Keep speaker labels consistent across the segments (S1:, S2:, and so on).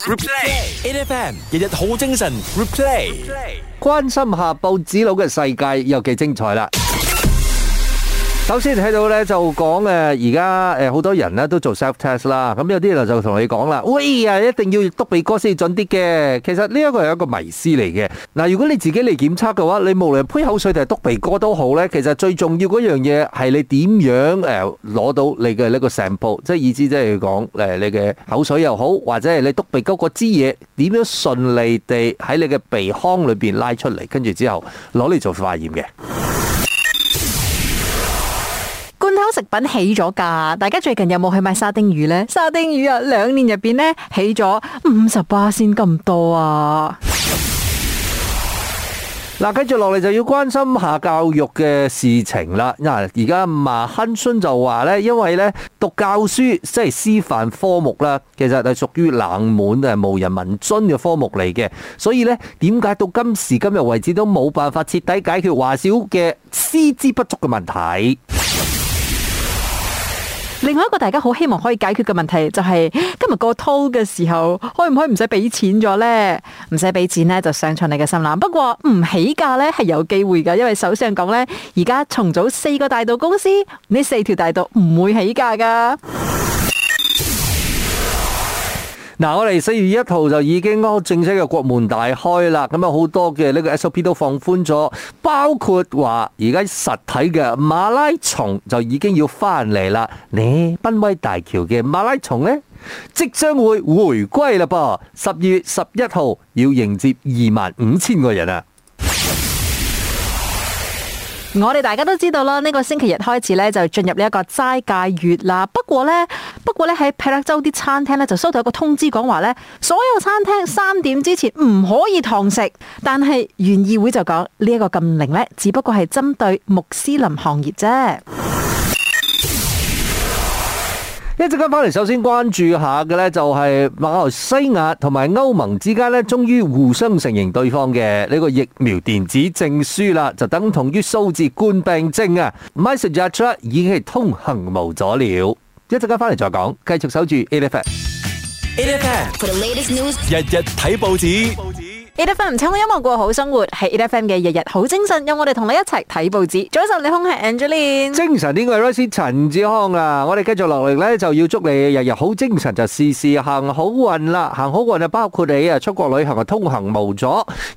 S1: Replay AFM 日日好精神，Replay 關心下報紙佬嘅世界有幾精彩啦！首先睇到咧就講誒，而家誒好多人咧都做 self test 啦。咁有啲人就同你講啦，喂呀，一定要督鼻哥先準啲嘅。其實呢一個係一個迷思嚟嘅。嗱，如果你自己嚟檢測嘅話，你無論杯口水定係督鼻哥都好咧，其實最重要嗰樣嘢係你點樣誒攞到你嘅呢個 sample，即係意思即係講誒你嘅口水又好，或者係你督鼻哥嗰支嘢，點樣順利地喺你嘅鼻腔裏邊拉出嚟，跟住之後攞嚟做化驗嘅。
S2: 食品起咗價，大家最近有冇去買沙丁魚呢？沙丁魚啊，兩年入邊咧起咗五十巴仙咁多啊！
S1: 嗱、啊，跟住落嚟就要關心下教育嘅事情啦。嗱、啊，而家馬亨孫就話呢，因為咧讀教書即係師範科目啦，其實係屬於冷門誒，無人問津嘅科目嚟嘅，所以呢，點解到今時今日為止都冇辦法徹底解決華小嘅師資不足嘅問題？
S2: 另外一個大家好希望可以解決嘅問題，就是，就係今日過濤嘅時候，可唔可以唔使俾錢咗呢？唔使俾錢呢，就上盡你嘅心啦。不過唔起價呢，係有機會噶，因為首相講呢，而家重組四個大道公司，呢四條大道唔會起價噶。
S1: 嗱、啊，我哋四月一號就已經正式嘅國門大開啦，咁啊好多嘅呢個 SOP 都放寬咗，包括話而家實體嘅馬拉松就已經要翻嚟啦。呢檳威大橋嘅馬拉松呢，即將會回歸啦噃，十月十一號要迎接二萬五千個人啊！我哋大家都知道啦，呢個星期日開始咧就進入呢一個
S2: 齋戒月啦。不過呢，不過咧喺皮克州啲餐廳呢，就收到一個通知，講話呢所有餐廳三點之前唔可以堂食。但係園議會就講呢一個禁令呢，只不過係針對穆斯林行業啫。
S1: 一陣間翻嚟，首先關注下嘅呢就係馬來西亞同埋歐盟之間呢終於互相承認對方嘅呢個疫苗電子證書啦，就等同於數字冠病症啊。Message app 已經係通行無阻了。一陣間翻嚟再講，繼續守住 a、e、f e f e c a f f e c for the latest news，日日睇報紙。報
S2: E.F.M，聽唔我音樂過好生活，係 E.F.M 嘅日日好精神，有我哋同你一齊睇報紙。早晨，你空係 Angeline，
S1: 精神呢個係 Rosie 陳志康啊！我哋繼續落嚟咧，就要祝你日日好精神，就事事行好運啦！行好運啊，包括你啊，出國旅行啊，通行無阻。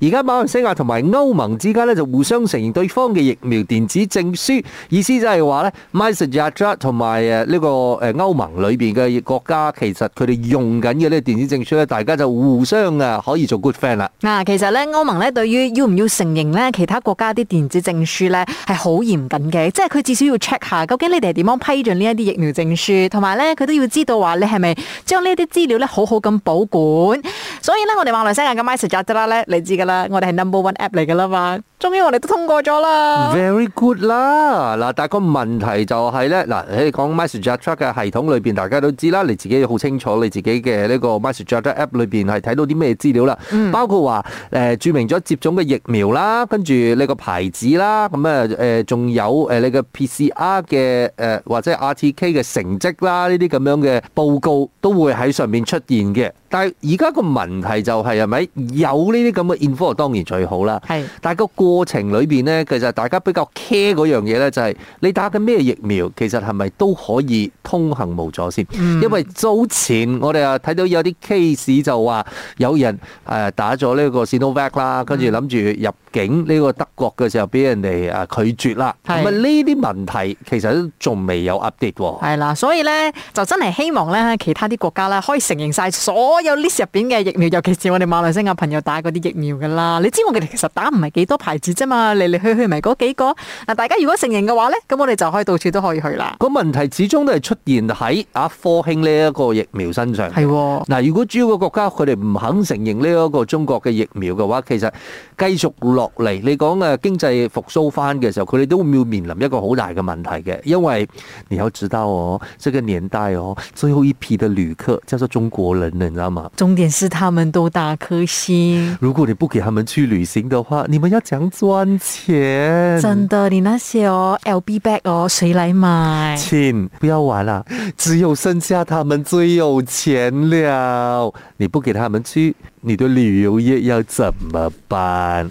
S1: 而家馬來西亞同埋歐盟之間咧，就互相承認對方嘅疫苗電子證書，意思就係話咧，Myanmar 同埋誒呢個誒歐盟裏邊嘅國家，其實佢哋用緊嘅呢個電子證書咧，大家就互相啊可以做 good friend 啦。
S2: 嗱，其實咧，歐盟咧，對於要唔要承認咧，其他國家啲電子證書咧，係好嚴謹嘅，即係佢至少要 check 下，究竟你哋係點樣批准呢一啲疫苗證書，同埋咧佢都要知道話你係咪將呢啲資料咧好好咁保管。所以咧，我哋馬來西亞嘅 MySejahtera 啦咧，你知噶啦，我哋係 number one app 嚟噶啦嘛，終於我哋都通過咗啦。
S1: Very good 啦，嗱，但個問題就係、是、咧，嗱，喺講 MySejahtera 嘅系統裏邊，大家都知啦，你自己好清楚你自己嘅呢個 MySejahtera app 裏邊係睇到啲咩資料啦，嗯、包括話誒註明咗接種嘅疫苗啦，跟住呢個牌子啦，咁啊誒，仲有誒你嘅 PCR 嘅誒、呃、或者 RTK 嘅成績啦，呢啲咁樣嘅報告都會喺上面出現嘅。但係而家個問題就係係咪有呢啲咁嘅 info 當然最好啦。係是，但係個過程裏邊咧，其實大家比較 care 嗰樣嘢咧，就係你打緊咩疫苗，其實係咪都可以通行無阻先？嗯、因為早前我哋啊睇到有啲 case 就話有人誒打咗呢個 Sinovac 啦，跟住諗住入。境呢個德國嘅時候俾人哋啊拒絕啦，咁啊呢啲問題其實都仲未有 update 喎。係啦，所以咧就真係希望咧其他啲國家咧可以承認曬所有
S2: list 入邊嘅疫苗，尤其是我哋馬來西亞朋友打嗰啲疫苗㗎啦。你知我哋其實打唔係幾多牌子啫嘛，嚟嚟去去咪嗰幾個。嗱，大家如果承認嘅話咧，咁我哋就可以到處都可以去啦。
S1: 個問題始終都係出現喺阿科興呢一個疫苗身上。係喎，嗱，如果主要嘅國家佢哋唔肯承認呢一個中國嘅疫苗嘅話，其實繼續落嚟，你講誒經濟復甦翻嘅時候，佢哋都會面臨一個好大嘅問題嘅，因為你要知道哦，即、這、係個年代哦，最後一批嘅旅客叫做中國人，你知道嗎？重點是他們都大可心。顆星，如果你不給他們去旅行的話，你們要講賺錢。真
S2: 的，你那些哦，LB bag 哦，誰來買？
S1: 親，不要玩啦，啊，只有剩下他們最有錢了，你不給他們去，你的旅遊業要怎麼辦？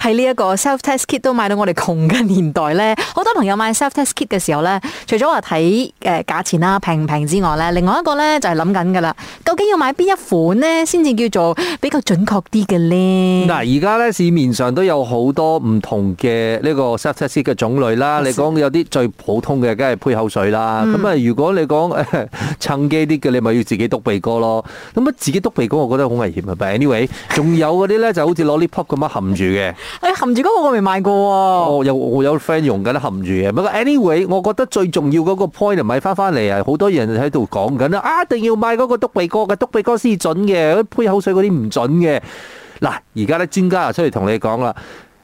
S2: 喺呢一個 self test kit 都買到我哋窮嘅年代咧，好多朋友買 self test kit 嘅時候咧，除咗話睇誒價錢啦平唔平之外咧，另外一個咧就係諗緊㗎啦，究竟要買邊一款咧先至叫做比較準確啲嘅咧？
S1: 嗱，而家咧市面上都有好多唔同嘅呢個 self test kit 嘅種類啦。哦、是 你講有啲最普通嘅，梗係呸口水啦。咁啊，如果你講、呃、趁機啲嘅，你咪要自己篤鼻哥咯。咁啊，自己篤鼻哥，我覺得好危險啊。But anyway，仲有嗰啲咧，就好似攞啲 pop 咁樣含住嘅。 你、哎、含住嗰個我未買過喎，啊哦，我有我有 friend 用緊含住嘅。不過 anyway，我覺得最重要嗰個 point 咪翻翻嚟啊！好多人喺度講緊啊，一定要買嗰個篤鼻哥嘅，篤鼻哥先準嘅，杯口水嗰啲唔準嘅。嗱，而家咧專家又出嚟同你講啦，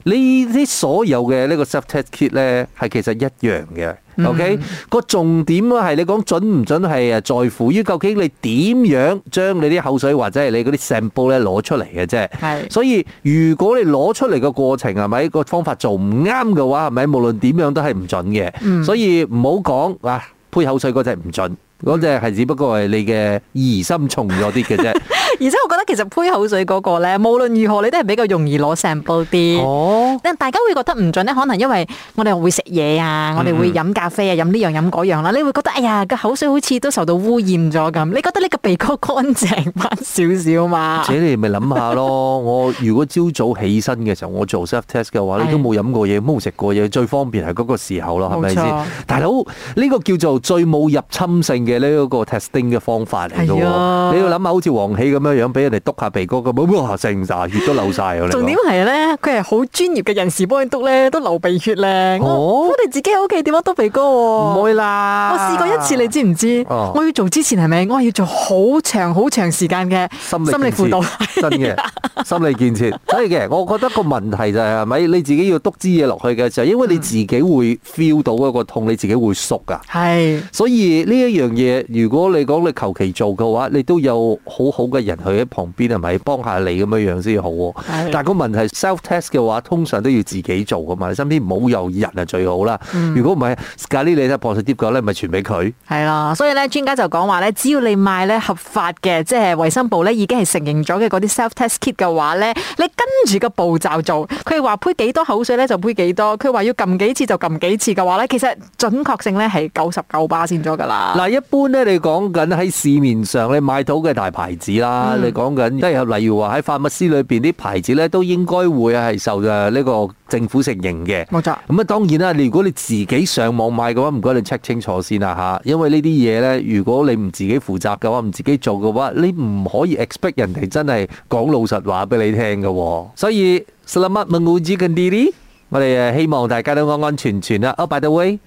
S1: 你啲所有嘅呢個 self test kit 咧係其實一樣嘅。O、okay? K，個重點啊係你講準唔準係誒在乎於究竟你點樣將你啲口水或者係你嗰啲 sample 咧攞出嚟嘅啫。係，所以如果你攞出嚟嘅過程係咪、個方法做唔啱嘅話是是，係咪無論點樣都係唔準嘅。所以唔好講啊，配口水嗰隻唔準，嗰只係只不過係你嘅疑心重咗啲嘅啫。
S2: 而且我覺得其實杯口水嗰個咧，無論如何你都係比較容易攞成報啲。哦，但係大家會覺得唔準咧，可能因為我哋會食嘢啊，我哋會飲咖啡啊，飲呢樣飲嗰樣啦。你會覺得哎呀，個口水好似都受到污染咗咁。你覺得呢個鼻哥乾淨翻少少嘛？自己
S1: 哋咪諗下咯。我如果朝早起身嘅時候，我做 self test 嘅話，你都冇飲過嘢，冇食過嘢，最方便係嗰個時候咯，係咪先？冇錯。大佬呢個叫做最冇入侵性嘅呢一個 testing 嘅方法嚟嘅喎。你要諗下，好似王喜咁。咁樣俾人哋督下鼻哥嘅，冇冇嚇成曬血都流晒。曬，重
S2: 點係咧？佢係好專業嘅人士幫你督咧，都流鼻血咧。哦、我哋自己喺屋企點樣督鼻哥喎？唔會啦。我試過一次，你知唔知？哦、我要做之前係咪？我係要做好長好長時間嘅心理輔導，
S1: 真嘅心理建設，真嘅。 我覺得個問題就係、係、咪你自己要篤支嘢落去嘅時候，因為你自己會 feel 到一個痛，你自己會熟㗎。係、嗯。所以呢一樣嘢，如果你講你求其做嘅話，你都有好好嘅人。佢喺旁邊係咪幫下你咁樣樣先好，啊？的但係個問題，self test 嘅話，通常都要自己做噶嘛。你身邊唔好有人係最好啦。如果唔係 g 喱你都破士啲嘅話咧，咪傳俾佢。
S2: 係啊，所以咧，專家就講話咧，只要你買咧合法嘅，即係衞生部咧已經係承認咗嘅嗰啲 self test kit 嘅話咧，你跟住個步驟做，佢話杯幾多口水咧就杯幾多，佢話要撳幾次就撳幾次嘅話咧，其實準確性咧係九十九巴先咗㗎啦。
S1: 嗱，一般咧你講緊喺市面上你買到嘅大牌子啦。啊！你講緊都係例如話喺 farmasi 裏邊啲牌子咧，都應該會係受誒呢個政府承認嘅，冇錯。咁啊，當然啦。你如果你自己上網買嘅話，唔該你 check 清楚先啦嚇。因為呢啲嘢咧，如果你唔自己負責嘅話，唔自己做嘅話，你唔可以 expect 人哋真係講老實話俾你聽嘅。所以，Selamat menguji kendiri，我哋誒希望大家都安安全全啦。啊，by the way，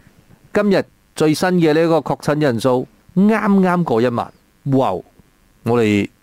S1: 今日最新嘅呢個確診人數啱啱過一萬。Wow，我哋～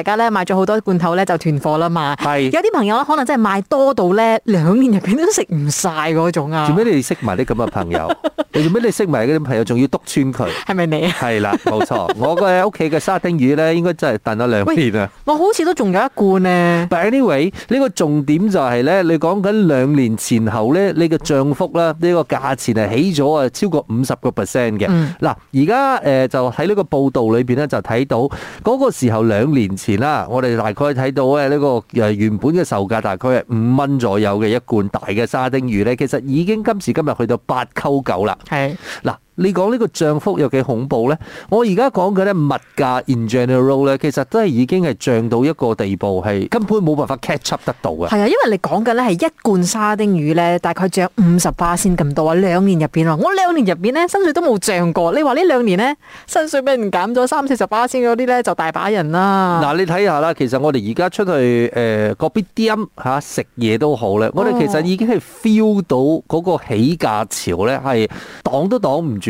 S2: 大家咧買咗好多罐頭咧，就斷貨啦嘛。係有啲朋友咧，可能真係買多到咧兩年入邊都食唔晒嗰種啊。做咩
S1: 你哋識埋啲咁嘅朋友？你做咩你識埋嗰啲朋友，仲要篤穿佢？係咪你啊？係啦，冇錯。我個屋企嘅沙丁魚咧，應該真係燉咗兩年啊。我好似都仲有一罐咧。But anyway，呢個重點就係咧，你講緊兩年前後咧，你個漲幅啦，呢個價錢係起咗啊，超過五十個 percent 嘅。嗱，而家誒就喺呢個報道裏邊咧，就睇到嗰個時候兩年前。年啦，前我哋大概睇到咧，呢個誒，原本嘅售價大概係五蚊左右嘅一罐大嘅沙丁魚呢，其實已經今時今日去到八溝九啦。係嗱。你講呢個漲幅有幾恐怖呢？我而家講嘅呢物價 in general 呢，其實都係已經係漲到一個地步，係根本冇辦法 catch up 得到嘅。
S2: 係啊，因為你講緊呢係一罐沙丁魚呢，大概漲五十巴仙咁多啊！兩年入邊啊，我兩年入邊呢，薪水都冇漲過。你話呢兩年呢，薪水俾人減咗三四十巴仙嗰啲呢，就大把人啦。
S1: 嗱、啊，你睇下啦，其實我哋而家出去誒，個、呃、邊啲飲嚇食嘢都好咧，哦、我哋其實已經係 feel 到嗰個起價潮呢，係擋都擋唔住。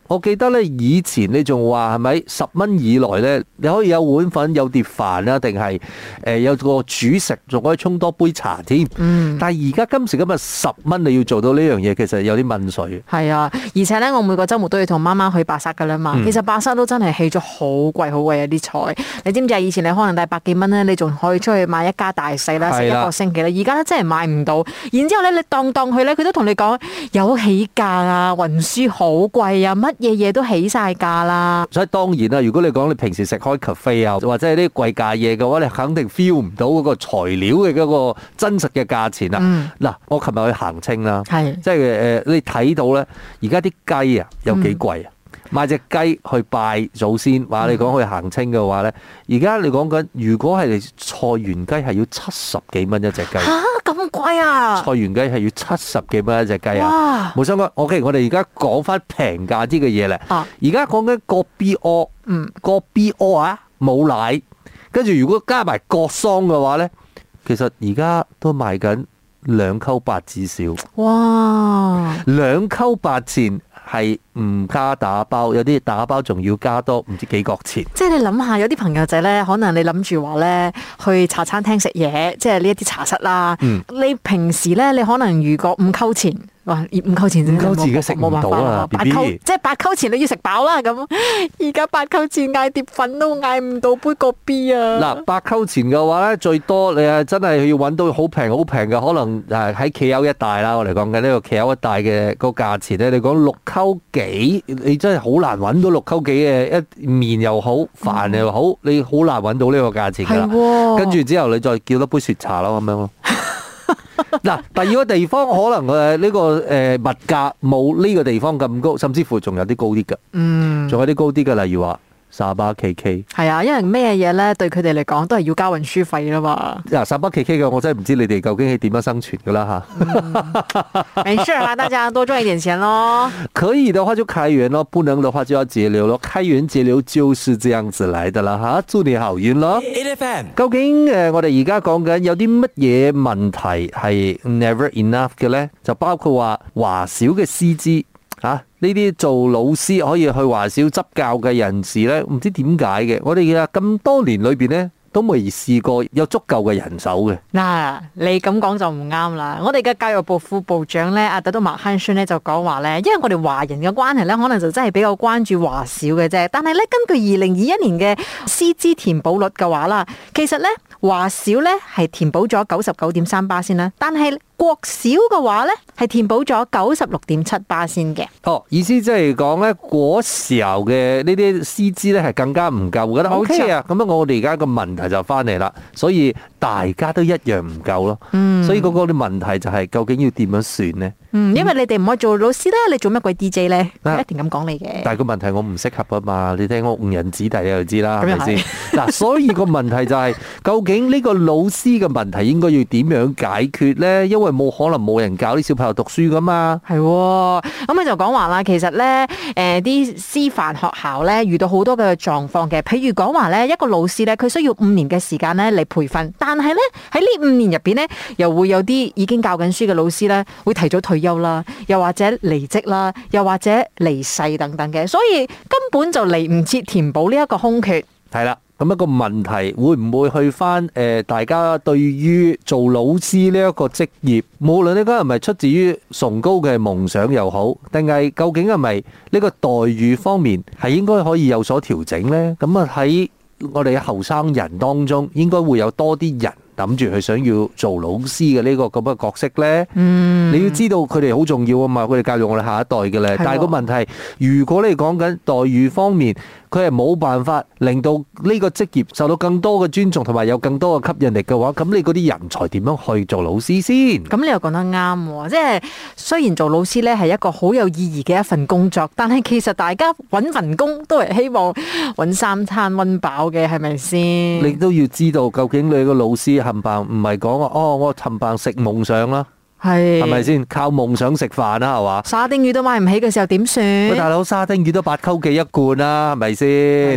S1: 我記得咧，以前你仲話係咪十蚊以內咧，你可以有碗粉、有碟飯啦，定係誒有個主食，仲可以沖多杯茶添。嗯。但係而家今時今日十蚊你要做到呢樣嘢，其實有啲問水。
S2: 係啊，而且咧，我每個周末都要同媽媽去白沙嘅啦嘛。嗯、其實白沙都真係起咗好貴好貴一啲菜。你知唔知？以前你可能帶百幾蚊咧，你仲可以出去買一家大細啦，食、啊、一個星期啦。而家真係買唔到。然之後咧，你蕩蕩去咧，佢都同你講有起價啊，運輸好貴啊，乜？嘢嘢都起晒價啦，
S1: 所以當然啦。如果你講你平時食開咖啡啊，或者係啲貴價嘢嘅話，你肯定 feel 唔到嗰個材料嘅嗰個真實嘅價錢啦。嗱、嗯，我琴日去行清啦，是即係誒、呃、你睇到咧，而家啲雞啊有幾貴啊！嗯買隻雞去拜祖先，話、啊、你講去行清嘅話咧，而家、嗯、你講緊如果係菜園雞係要七十幾蚊一隻雞，嚇
S2: 咁、啊、貴啊！
S1: 菜園雞係要七十幾蚊一隻雞啊！冇錯啊！OK，我哋而家講翻平價啲嘅嘢啦。而家講緊個 B O，嗯，個 B O 啊，冇奶，跟住如果加埋個桑嘅話咧，其實而家都賣緊兩溝八至少。
S2: 哇！
S1: 兩溝八錢係。唔加打包，有啲打包仲要加多，唔知幾角錢。
S2: 即係你諗下，有啲朋友仔咧，可能你諗住話咧去茶餐廳食嘢，即係呢一啲茶室啦。嗯、你平時咧，你可能如果五溝錢，哇，五溝錢，冇自己食，冇辦法。
S1: 八溝
S2: 即係八溝錢，你要食飽啦咁。而家八溝錢嗌碟粉都嗌唔到杯個 B 啊！嗱，
S1: 八溝錢嘅話咧，最多你係真係要搵到好平好平嘅，可能誒喺企友一帶啦。我嚟講嘅呢個企友一帶嘅個價錢咧，你講六溝嘅。幾你真係好難揾到六舊幾嘅一面又好飯又好，你好難揾到呢個價錢噶啦。的跟住之後你再叫一杯雪茶咯，咁樣咯。嗱 第二個地方可能誒呢個誒物價冇呢個地方咁高，甚至乎仲有啲高啲噶。嗯，仲有啲高啲噶，例如話。沙巴 K K
S2: 係啊，因為咩嘢咧？對佢哋嚟講，都係要交運輸費啦嘛。
S1: 嗱、啊，沙巴 K K 嘅，我真係唔知你哋究竟係點樣生存噶啦吓。
S2: 冇、 嗯、事啊，大家多賺一點錢咯。
S1: 可以嘅話就開源咯，不能嘅話就要節流咯。開源節流就是這樣子嚟噶啦吓，祝你好運咯。A, A F M，究竟誒、呃，我哋而家講緊有啲乜嘢問題係 never enough 嘅咧？就包括話華小嘅師資。啊！呢啲做老師可以去華小執教嘅人士咧，唔知點解嘅，我哋嘅咁多年裏邊咧，都未試過有足夠嘅人手嘅。
S2: 嗱，你咁講就唔啱啦。我哋嘅教育部副部長咧，拿督馬漢順咧就講話咧，因為我哋華人嘅關係咧，可能就真係比較關注華小嘅啫。但係咧，根據二零二一年嘅師資填補率嘅話啦，其實咧華小咧係填補咗九十九點三八先啦，但係。國小嘅話咧，係填補咗九十六點七八先嘅。哦，
S1: 意思即係講咧，嗰時候嘅呢啲師資咧係更加唔夠嘅，我覺得好似啊，咁樣，OK 啊，我哋而家個問題就翻嚟啦，所以。大家都一樣唔夠咯，所以嗰個啲問題就係究竟要點樣算咧？
S2: 嗯，因為你哋唔可以做老師咧，你做乜鬼 DJ 咧？一定咁講你嘅。但
S1: 係個問題我唔適合啊嘛，你聽我誤人子弟你就知啦，係咪先？嗱，所以個問題就係究竟呢個老師嘅問題應該要點樣解決咧？因為冇可能冇人教啲小朋友讀書噶嘛。係喎，
S2: 咁佢就講話啦，其實咧，誒啲師範學校咧，遇到好多嘅狀況嘅，譬如講話咧，一個老師咧，佢需要五年嘅時間咧嚟培訓。但係咧，喺呢五年入邊咧，又會有啲已經教緊書嘅老師咧，會提早退休啦，又或者離職啦，又或者離世等等嘅，所以根本就嚟唔切填補呢一個空缺。
S1: 係啦，咁一個問題，會唔會去翻誒、呃，大家對於做老師呢一個職業，無論呢家係咪出自於崇高嘅夢想又好，定係究竟係咪呢個待遇方面係應該可以有所調整呢？咁啊喺。我哋嘅後生人當中，應該會有多啲人諗住去想要做老師嘅呢個咁嘅角色呢。嗯，你要知道佢哋好重要啊嘛，佢哋教育我哋下一代嘅咧。的但係個問題，如果你講緊待遇方面，佢係冇辦法令到呢個職業受到更多嘅尊重同埋有更多嘅吸引力嘅話，咁你嗰啲人才點樣去做老師先？咁你又講得啱喎、哦，即係雖然做老師呢係一個好有
S2: 意義嘅一份工作，但係其實大家揾份工都係希望揾三餐溫飽嘅，係咪先？你
S1: 都要知道究竟你個老師冚唪唥唔係講話哦，我冚唪唥食夢想啦。係，係咪先靠夢想食飯啊？係嘛，沙
S2: 丁魚都買唔起嘅時候點算？喂，大
S1: 佬沙丁魚都八蚊幾一罐啦，係咪先？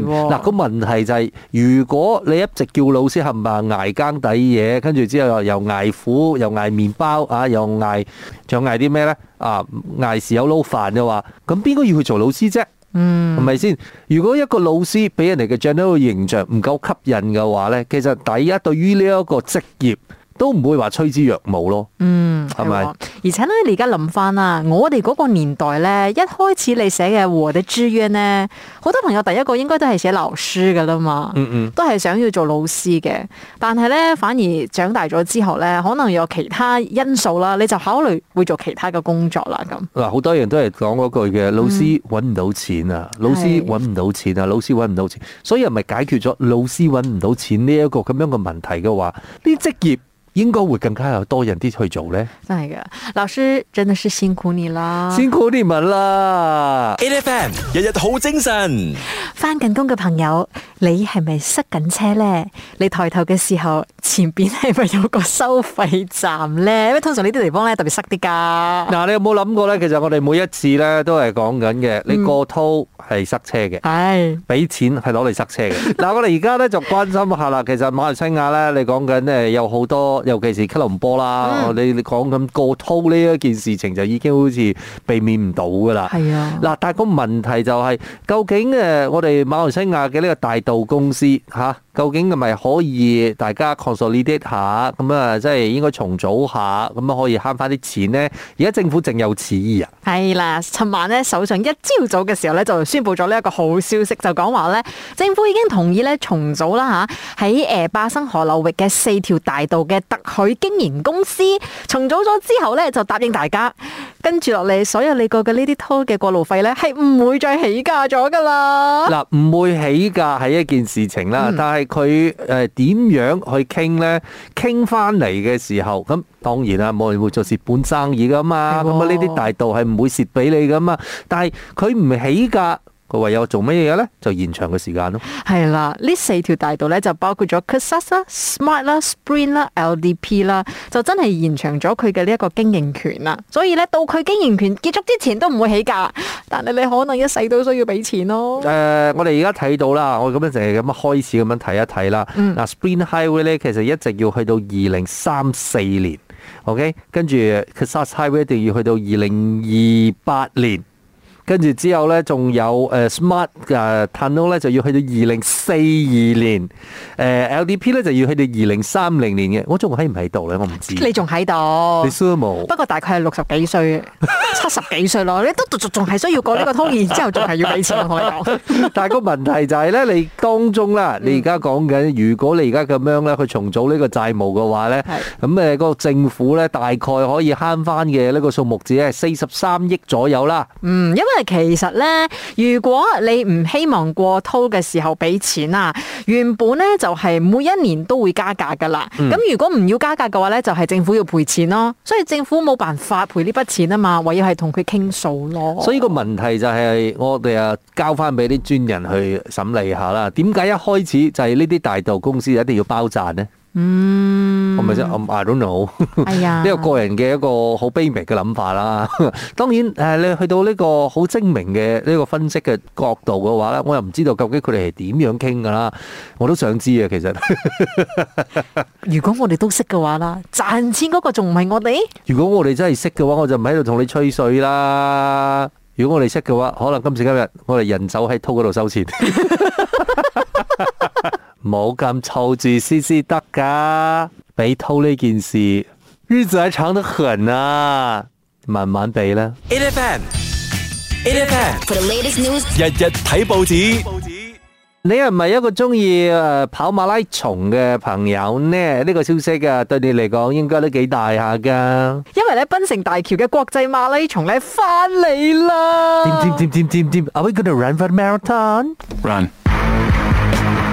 S1: 嗱，個問題就係，如果你一直叫老師，係咪挨更抵嘢，跟住之後又挨苦，又挨麵包啊，又挨，仲挨啲咩呢？啊，捱豉油撈飯嘅話，咁邊個要去做老師啫？嗯，係咪先？如果一個老師俾人哋嘅 general 形象唔夠吸引嘅話呢，其實第一對於呢一個職業。都唔會話趨之若鶩咯，嗯，係咪吧？
S2: 而且咧，你而家諗翻啊，我哋嗰個年代咧，一開始你寫嘅《我的志願》咧，好多朋友第一個應該都係寫留書噶啦嘛，嗯嗯，都係想要做老師嘅，但係咧反而長大咗之後咧，可能有其他因素啦，你就考慮會做其他嘅工作啦咁。
S1: 嗱，好多人都係講嗰句嘅，老師搵唔到錢啊，老師搵唔到錢啊，老師搵唔到錢，所以係咪解決咗老師搵唔到錢呢一個咁樣嘅問題嘅話，啲職業？應該會更加有多人啲去做呢？
S2: 真係㗎，老師真的是辛苦你啦，辛
S1: 苦你們啦。AiFM 日日好精神。
S2: 翻緊工嘅朋友，你係咪塞緊車呢？你抬頭嘅時候，前邊係咪有個收費站呢？因為通常呢啲地方咧特別塞啲㗎。嗱、
S1: 嗯，你有冇諗過呢？其實我哋每一次呢都係講緊嘅，你過濤係塞車嘅，係俾、嗯、錢係攞嚟塞車嘅。嗱， 我哋而家呢就關心下啦。其實馬來西亞呢，你講緊呢，有好多。尤其是吉隆坡啦，嗯啊、你你講緊過滔呢一件事情就已經好似避免唔到噶啦。嗱、啊，但係個問題就係、是，究竟誒我哋馬來西亞嘅呢個大道公司嚇？啊究竟係咪可以大家 consolidate 呢啲下咁啊？即係應該重組下，咁啊可以慳翻啲錢呢？而家政府正有此意啊！
S2: 係啦，尋晚咧，首相一朝早嘅時候咧，就宣布咗呢一個好消息，就講話咧，政府已經同意咧重組啦吓，喺誒，巴生河流域嘅四條大道嘅特許經營公司重組咗之後咧，就答應大家。跟住落嚟，所有你過嘅呢啲拖嘅過路費呢，係唔會再起價咗噶啦。
S1: 嗱，唔會起價係一件事情啦，但係佢誒點樣去傾呢？傾翻嚟嘅時候，咁當然啦，冇人會做蝕本生意噶嘛。咁啊的，呢啲大道係唔會蝕俾你噶嘛。但係佢唔起價。唯有做乜嘢咧？就延長嘅時間咯。係
S2: 啦，呢四條大道咧就包括咗 Kesas Smart 啦、Spring 啦、LDP 啦，就真係延長咗佢嘅呢一個經營權啦。所以咧，到佢經營權結束之前都唔會起價，但係你可能一世都需要俾錢咯。
S1: 誒、呃，我哋而家睇到啦，我咁樣淨係咁樣開始咁樣睇一睇啦。嗯。嗱，Spring Highway 咧，其實一直要去到二零三四年，OK，跟住 Kesas Highway 一定要去到二零二八年。跟住之後咧，仲有誒 smart 誒 Tunnel 咧，就要去到二零四二年；誒 LDP 咧，就要去到二零三零年嘅。我仲喺唔喺度咧？我唔知。
S2: 你仲喺度？你 sure 冇？不過大概係六十幾歲、七十幾歲咯。你都仲仲係需要過呢個通，然之後仲係要俾錢我。
S1: 但係個問題就係咧，你當中啦，你而家講緊，如果你而家咁樣咧，去重組呢個債務嘅話咧，咁誒個政府咧，大概可以慳翻嘅呢個數目只係四十三億左右啦。嗯，
S2: 因為。其實咧，如果你唔希望過偷嘅時候俾錢啊，原本咧就係每一年都會加價噶啦。咁、嗯、如果唔要加價嘅話咧，就係、是、政府要賠錢咯。所以政府冇辦法賠呢筆錢啊嘛，唯有係同佢傾訴咯。所以
S1: 個問題就係我哋啊交翻俾啲專人去審理下啦。點解一開始就係呢啲大道公司一定要包賺呢？嗯，係咪先？I don't know。哎呀，呢個個人嘅一個好卑微嘅諗法啦。當然，誒，你去到呢個好精明嘅呢個分析嘅角度嘅話咧，我又唔知道究竟佢哋係點樣傾噶啦。我都想知啊，其實。
S2: 如果我哋都識嘅話啦，賺錢嗰個仲唔係我哋？
S1: 如果我哋真係識嘅話，我就唔喺度同你吹水啦。如果我哋識嘅話，可能今時今日我哋人手喺套嗰度收錢。冇咁湊住先先得噶，俾偷呢件事，日子還長得很啊，慢慢俾啦。N F N N F N for the latest news，日日睇報紙，日日報紙，你係唔係一個中意誒跑馬拉松嘅朋友呢？呢、呢個消息啊，對你嚟講應該都幾大下噶。
S2: 因為咧，檳城大橋嘅國際馬拉松咧翻嚟啦。
S1: Are we gonna run the marathon？Run。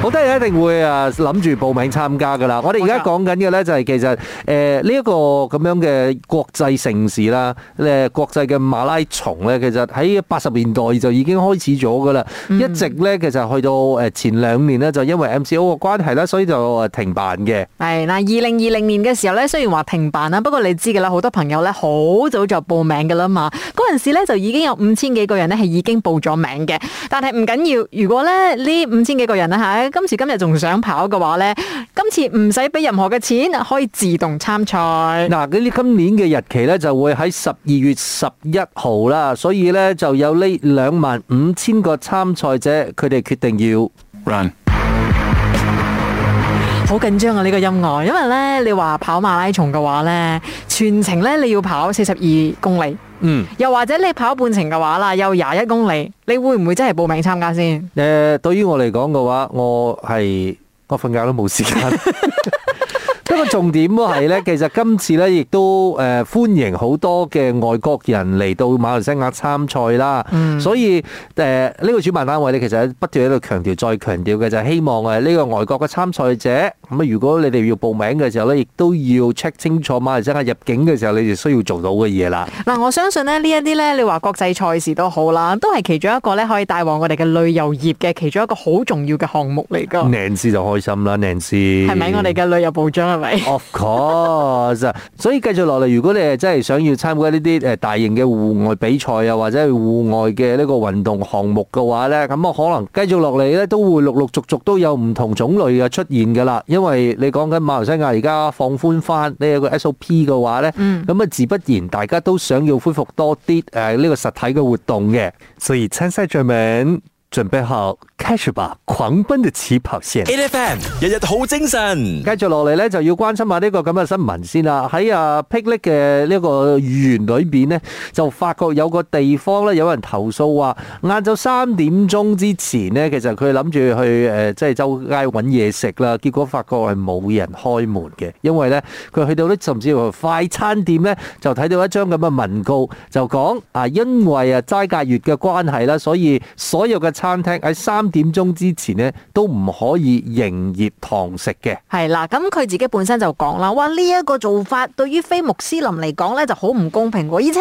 S1: 好多人一定會啊諗住報名參加㗎啦！我哋而家講緊嘅呢，就係其實誒呢一個咁樣嘅國際城市啦，誒國際嘅馬拉松呢，其實喺八十年代就已經開始咗㗎啦，一直呢，其實去到誒前兩年呢，就因為 MCO 嘅關係咧，所以就停辦嘅，
S2: 嗯。係嗱，二零二零年嘅時候呢，雖然話停辦啦，不過你知㗎啦，好多朋友呢，好早就報名㗎啦嘛，嗰陣時咧就已經有五千幾個人呢，係已經報咗名嘅，但係唔緊要，如果呢，呢五千幾個人啦今時今日仲想跑嘅話呢，今次唔使俾任何嘅錢，可以自動
S1: 參賽。嗱，嗰今年嘅日期呢，就會喺十二月十一號啦，所以呢就有呢兩萬五千個參賽者，佢哋決定要 run。好緊張啊！呢個音樂，
S2: 因為呢，你話跑馬拉松嘅話呢，全程呢你要跑四十二公里，嗯，又或者你跑半程嘅話啦，又廿一公里，你會唔會真係報名參加先？
S1: 誒、呃，對於我嚟講嘅話，我係我瞓覺都冇時間。 個重點都係咧，其實今次咧亦都誒歡迎好多嘅外國人嚟到馬來西亞參賽啦。嗯，所以誒呢個主辦單位咧，其實不斷喺度強調再強調嘅就係希望誒呢個外國嘅參賽者咁啊，如果你哋要報名嘅時候咧，亦都要 check 清楚馬來西亞入境嘅時候你哋需要做到嘅嘢啦。嗱，我相
S2: 信咧呢一啲咧，你話國際賽事都好啦，都係其中一個咧可以帶旺我哋嘅旅遊業嘅其中一個好重要嘅項目嚟㗎。
S1: Nancy 就開心啦，Nancy，係咪我哋嘅旅遊部長係咪？Of course， 所以繼續落嚟，如果你係真係想要參加呢啲誒大型嘅戶外比賽啊，或者係戶外嘅呢個運動項目嘅話呢，咁我可能繼續落嚟呢都會陸陸續續都有唔同種類嘅出現㗎啦。因為你講緊馬來西亞而家放寬返，你有個 SOP 嘅話呢，咁啊自不然大家都想要恢復多啲誒呢個實體嘅活動嘅。 所以 e y o 名。準備好，開始吧！狂奔嘅起跑線。AiFM 日日好精神。繼續落嚟咧，就要關心下呢個咁嘅新聞先啦。喺啊霹靂嘅呢個縣裏邊咧，就發覺有個地方咧，有人投訴話晏晝三點鐘之前咧，其實佢諗住去誒、呃，即係周街搵嘢食啦。結果發覺係冇人開門嘅，因為咧佢去到呢，甚至乎快餐店咧，就睇到一張咁嘅文告，就講啊，因為啊齋戒月嘅關係啦，所以所有嘅。餐廳喺三點鐘之前呢都唔可以營業堂食嘅。
S2: 係啦，咁佢自己本身就講啦，哇！呢、這、一個做法對於非穆斯林嚟講呢就好唔公平喎。而且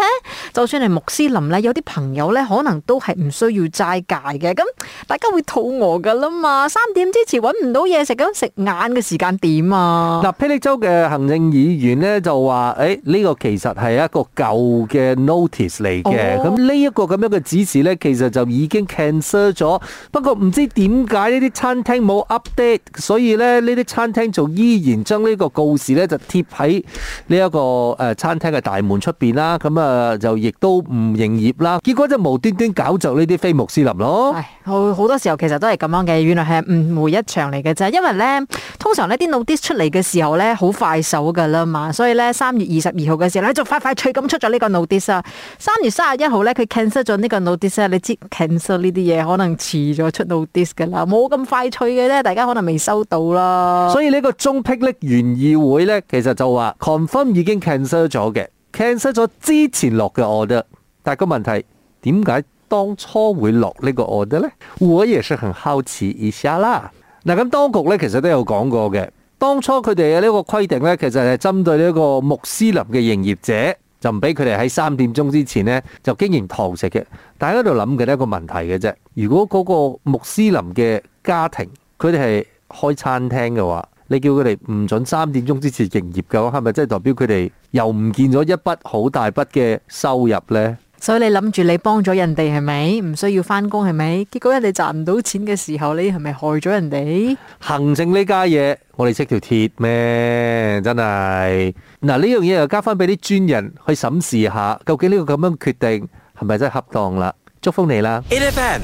S2: 就算係穆斯林呢，有啲朋友呢可能都係唔需要齋戒嘅。咁大家會肚餓㗎啦嘛，三點之前揾唔到嘢食咁食晏嘅時間點啊！嗱、呃，霹利州
S1: 霹靂州嘅行政議員呢就話：，誒、哎、呢、這個其實係一個舊嘅 notice 嚟嘅。咁呢一個咁樣嘅指示呢，其實就已經 cancel。咗，不過唔知點解呢啲餐廳冇 update，所以咧呢啲餐廳就依然將呢個告示咧就貼喺呢一個誒餐廳嘅大門出邊啦。咁啊就亦都唔營業啦。結果就無端端搞就呢啲非穆斯林咯。好好多時候
S2: 其實都係咁樣嘅，原來係誤會一場嚟嘅就啫。因為咧通常呢啲 notice 出嚟嘅時候咧好快手㗎啦嘛，所以咧三月二十二號嘅時候咧就快快脆咁出咗呢個 notice 啊。三月三十一號咧佢 cancel 咗呢個 notice。你知 cancel 呢啲嘢可能遲咗出到 dis 嘅啦，冇咁快脆嘅咧，大家可能未收到啦。所
S1: 以呢個中霹靂縣議會咧，其實就話 confirm 已經 cancel 咗嘅，cancel 咗之前落嘅 order。但個問題點解當初會落呢個 order 咧？我都好奇一下啦。嗱，咁當局咧其實都有講過嘅，當初佢哋嘅呢個規定咧，其實係針對呢個穆斯林嘅營業者。就唔俾佢哋喺三點鐘之前呢就經營堂食嘅，大家喺度諗嘅一個問題嘅啫。如果嗰個穆斯林嘅家庭佢哋係開餐廳嘅話，你叫佢哋唔準三點鐘之前營業嘅話，係咪即係代表佢哋又唔見咗一筆好大筆嘅收入呢？
S2: 所以你諗住你幫咗人哋係咪？唔需要翻工係咪？結果人哋賺唔到錢嘅時候，你係咪害咗人哋？
S1: 行政呢家嘢，我哋識條鐵咩？Man, 真係嗱，呢樣嘢又交翻俾啲專人去審視下，究竟呢個咁樣決定係咪真係恰當啦？祝福你啦！In the end,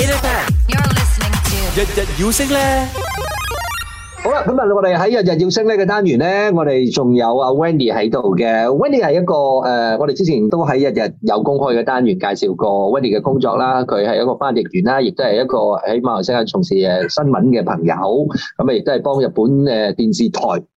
S1: In the end, You're listening to, 日日要升咧。咁啊！我哋喺日日要升呢個單元咧，我哋仲有阿 Wendy 喺度嘅。Wendy 係一個誒，我哋之前都喺日日有公開嘅單元介紹過 Wendy 嘅工作啦。佢係一個翻譯員啦，亦都係一個喺馬來西亞從事誒新聞嘅朋友。咁咪亦都係幫日本誒電視台。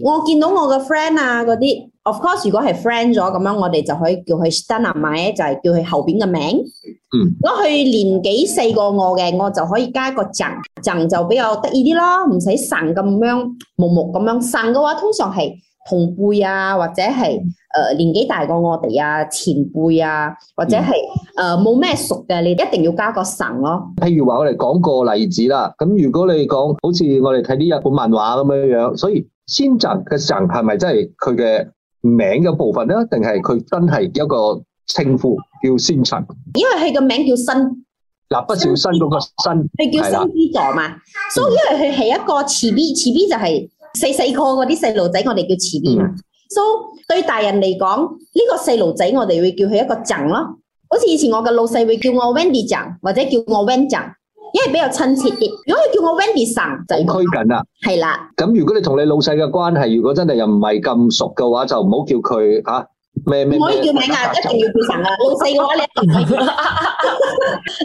S1: 我
S3: 見到我嘅 friend 啊，嗰啲，of course 如果係 friend 咗咁樣，我哋就可以叫佢 shita no namae，就係叫佢後邊嘅名。嗯，如果佢年紀細過我嘅，我就可以加一個侄，侄就比較得意啲咯，唔使神咁樣，木木咁樣。神嘅話通常係同輩啊，或者係誒、呃、年紀大過我哋啊，前輩啊，或者係誒冇咩熟嘅，你一定要加個神咯。
S1: 譬如話我哋講個例子啦，咁如果你講好似我哋睇啲日本漫畫咁樣樣，所以。先陣嘅陣係咪真係佢嘅名嘅部分咧？定係佢真係一個稱呼叫先陣？
S3: 因為佢個名叫新
S1: 嗱、啊，不小「新嗰個新，係叫新之
S3: 助嘛。的嗯、所以因為佢係一個遲啲，遲啲就係細細個嗰啲細路仔，我哋叫遲啲嘛。所以、so，對大人嚟講，呢、這個細路仔我哋會叫佢一個陣咯。好似以前我嘅老細會叫我 Wendy 陣，或者叫我 Wend 陣。因為比較親切啲，如果佢叫我 Wendy 神就好拘謹啦。係啦，
S1: 咁的如果你同你老細嘅關係，如果真係又唔係咁熟嘅話，就唔好叫佢吓咩咩。唔可以叫名啊，麼啊一定
S3: 要叫神啊。 老細嘅話，你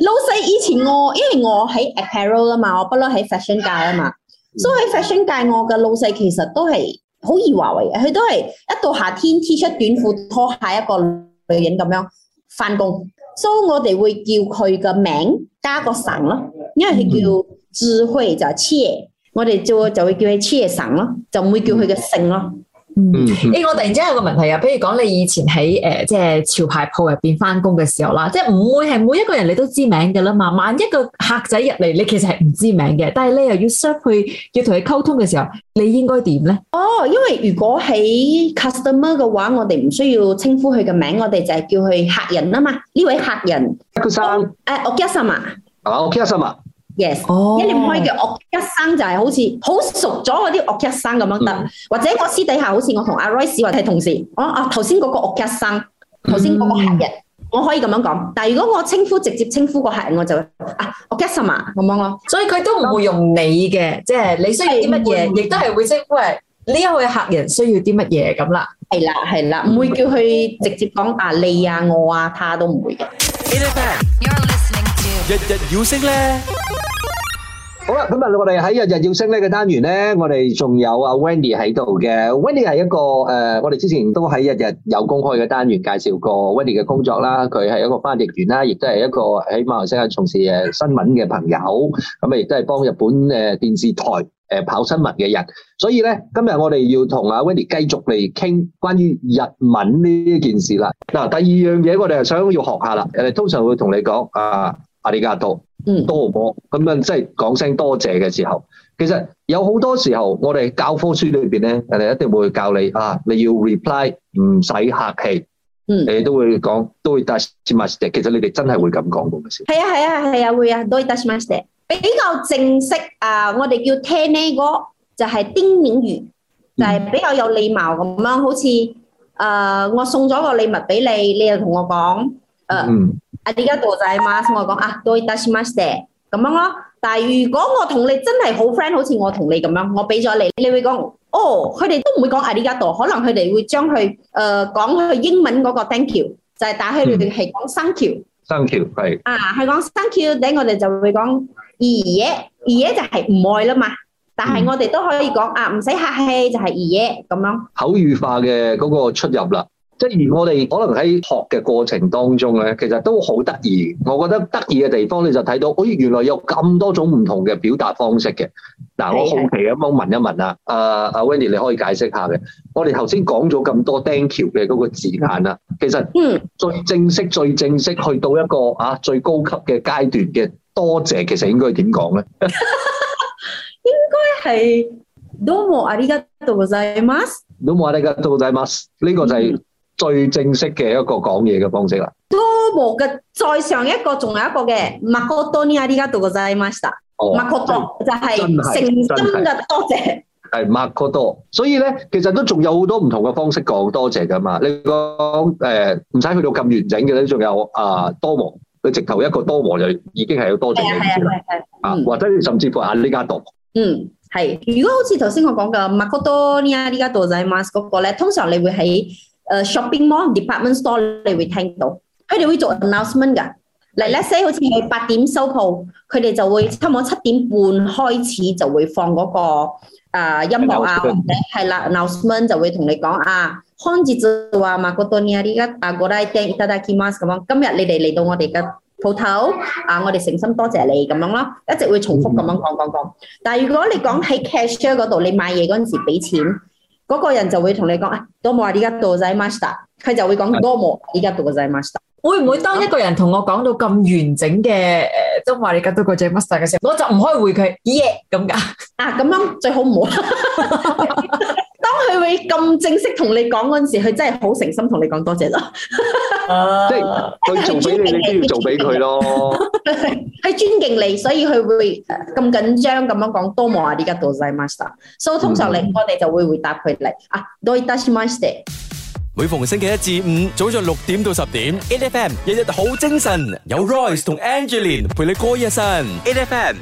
S3: 老細以前我，因為我喺 Apparel 啦嘛，我不嬲喺 fashion 界啊嘛， 所以喺 fashion 界我嘅老細其實都係好易話為，佢都係一到夏天 T 恤短褲拖下一個女人咁樣翻工，所以我哋會叫佢嘅名加個神咯，啊。因為佢叫智慧就係黐嘢，我哋做就，就會叫佢黐嘢神咯，就唔會叫佢嘅聖咯。嗯， 誒、
S2: 欸，我突然之間有個問題啊，譬如講你以前喺誒、呃、即係潮牌鋪入邊翻工嘅時候啦，即係唔會係每一個人你都知名嘅啦嘛。萬一,一個客仔入嚟，你其實係唔知名
S3: 嘅，但係你又要 serve 佢，要同佢溝通嘅時候，你應該點咧？哦，因為如果喺 customer 嘅話，我哋唔需要稱呼佢嘅名，我哋就係叫佢客人啊嘛。呢位客人，先生人，誒，Okey 人啊，Sir 嘛，
S1: 係嘛，Okey 啊，Sir 嘛。
S3: 啊啊啊啊啊啊 yes，一年開嘅お客さん就係好似好熟咗嗰啲お客さん咁樣得，或者我私底下好似我同阿 Royce 或者同事，我啊頭先嗰個お客さん，頭先嗰個客人，我可以咁樣講，但係如果我稱呼直接稱呼個客人，我就啊お客様啊咁樣咯，所以佢都唔會用你嘅，即係你需要啲乜嘢，亦都係會稱呼喂呢一位客人需要啲乜嘢咁啦，係啦係啦，唔會叫佢直接講啊你啊我啊他都唔會
S1: 嘅。日日要識咧。好啦，咁啊，我哋喺日日要升呢個單元咧，我哋仲有阿 Wendy 喺度嘅。Wendy 係一個誒，我哋之前都喺日日有公開嘅單元介紹過 Wendy 嘅工作啦。佢係一個翻譯員啦，亦都係一個喺馬來西亞從事誒新聞嘅朋友。咁啊，亦都係幫日本誒電視台誒跑新聞嘅人。所以咧，今日我哋要同阿 Wendy 繼續嚟傾關於日文呢一件事啦。嗱，第二樣嘢我哋係想要學下啦。誒，我哋通常會同你講啊，阿李家道。嗯，多謝咁樣，即係講聲多謝嘅時候，其實有好多時候，我哋教科書裏邊咧，人哋一定會教你啊，你要 reply，唔使客氣，嗯，你都會講，都會どういたしまして。其實你哋真係會咁講
S3: 嘅咩？係啊，係啊，係啊，會啊，どういたしまして。比較正式啊，我哋叫ていねいご，就係丁寧語，就係比較有禮貌咁樣，好似啊，我送咗個禮物俾你，你又同我講，誒。阿迪加多就係 must？我講啊，都係 touch must。咁樣咯。但係如果我同你真係好 friend，好似我同你咁樣，我俾咗你，你會講哦。佢哋都唔會講阿迪加多？可能佢哋會將佢誒講佢英文嗰個 thank you，就係打佢哋係講 thank you。
S1: thank you 係
S3: 啊，係講 thank you。等我哋就會講二嘢，二嘢就係唔愛啦嘛。但係我哋都可以講啊，唔使客氣就係二嘢咁樣。
S1: 口語化嘅嗰個出入啦。即係我哋可能喺學嘅過程當中咧，其實都好得意。我覺得得意嘅地方你就睇到，咦、哎，原來有咁多種唔同嘅表達方式嘅。嗱，我好奇咁樣問一問啊，阿阿是、uh, Wendy 你可以解釋下嘅。我哋頭先講咗咁多 Dank You 嘅嗰個字眼啦，嗯、其實嗯最正式最正式去到一個啊最高級嘅階段嘅多謝其實應該點講咧？
S3: 應該係どうもありがとうございます，多麼，多麼，多、這、麼、個就是，多
S1: 麼、嗯，多麼，多麼，多麼，多麼，多麼，多麼，多麼，多麼，多麼，多麼，多麼，多麼，最正式嘅一個講嘢嘅方式啦，
S3: 多模嘅再上一個仲有一個嘅マコトにありがとうございます，マコト就係誠真
S1: 嘅，多謝。係マコト，所以咧其實都仲有好多唔同嘅方式講，多謝㗎嘛。你講誒唔使去到咁完整嘅咧，仲有啊多模，佢直頭一個多模就已經係有多謝嘅。係啊係啊係啊，或者你甚至乎啊呢家讀嗯
S3: 係，如果好似頭先我講嘅マコトにありがとうございます嗰個咧，通常你會喺誒、uh, shopping mall、department store，你會聽到，佢哋會做 announcement 噶。嚟，let's say 好似係八點收鋪，佢哋就會差唔多七點半開始就會放嗰、嗰個音樂啊，或者係啦，announcement 就會同你講啊康 u n d 啊 m a d r i 啊，啲家，啊，個拉丁拉 k 咁樣。今日你哋嚟到我哋嘅鋪頭，啊，我哋誠心多謝你咁樣咯，一直會重複咁樣講講講。Mm hmm. 但係如果你講喺 cashier 嗰度，你買嘢嗰陣時俾錢。嗰個人就會同你講，多冇話而家獨仔 master，佢就會講多冇而家獨個仔 master。會唔會當一
S2: 個人同我講到咁完整嘅都話你家獨個仔 master 嘅時候，我就唔可以回佢
S3: 耶咁噶？Yeah、 啊，咁樣最好唔好。 佢會咁正式同你講嗰陣時，佢真係好誠心同你講多謝咯。即係
S1: 佢做俾你，你都要做俾佢咯。
S3: 係尊敬你，所以佢會咁緊張咁樣講多謝啊！依家到曬 master，所以通常你我哋就會回答佢嚟啊。Do it as master。
S1: 每逢星期一至五早上六點到十點，NFM 日日好精神，有 Royce 同 Angelin 陪你歌一陣，NFM。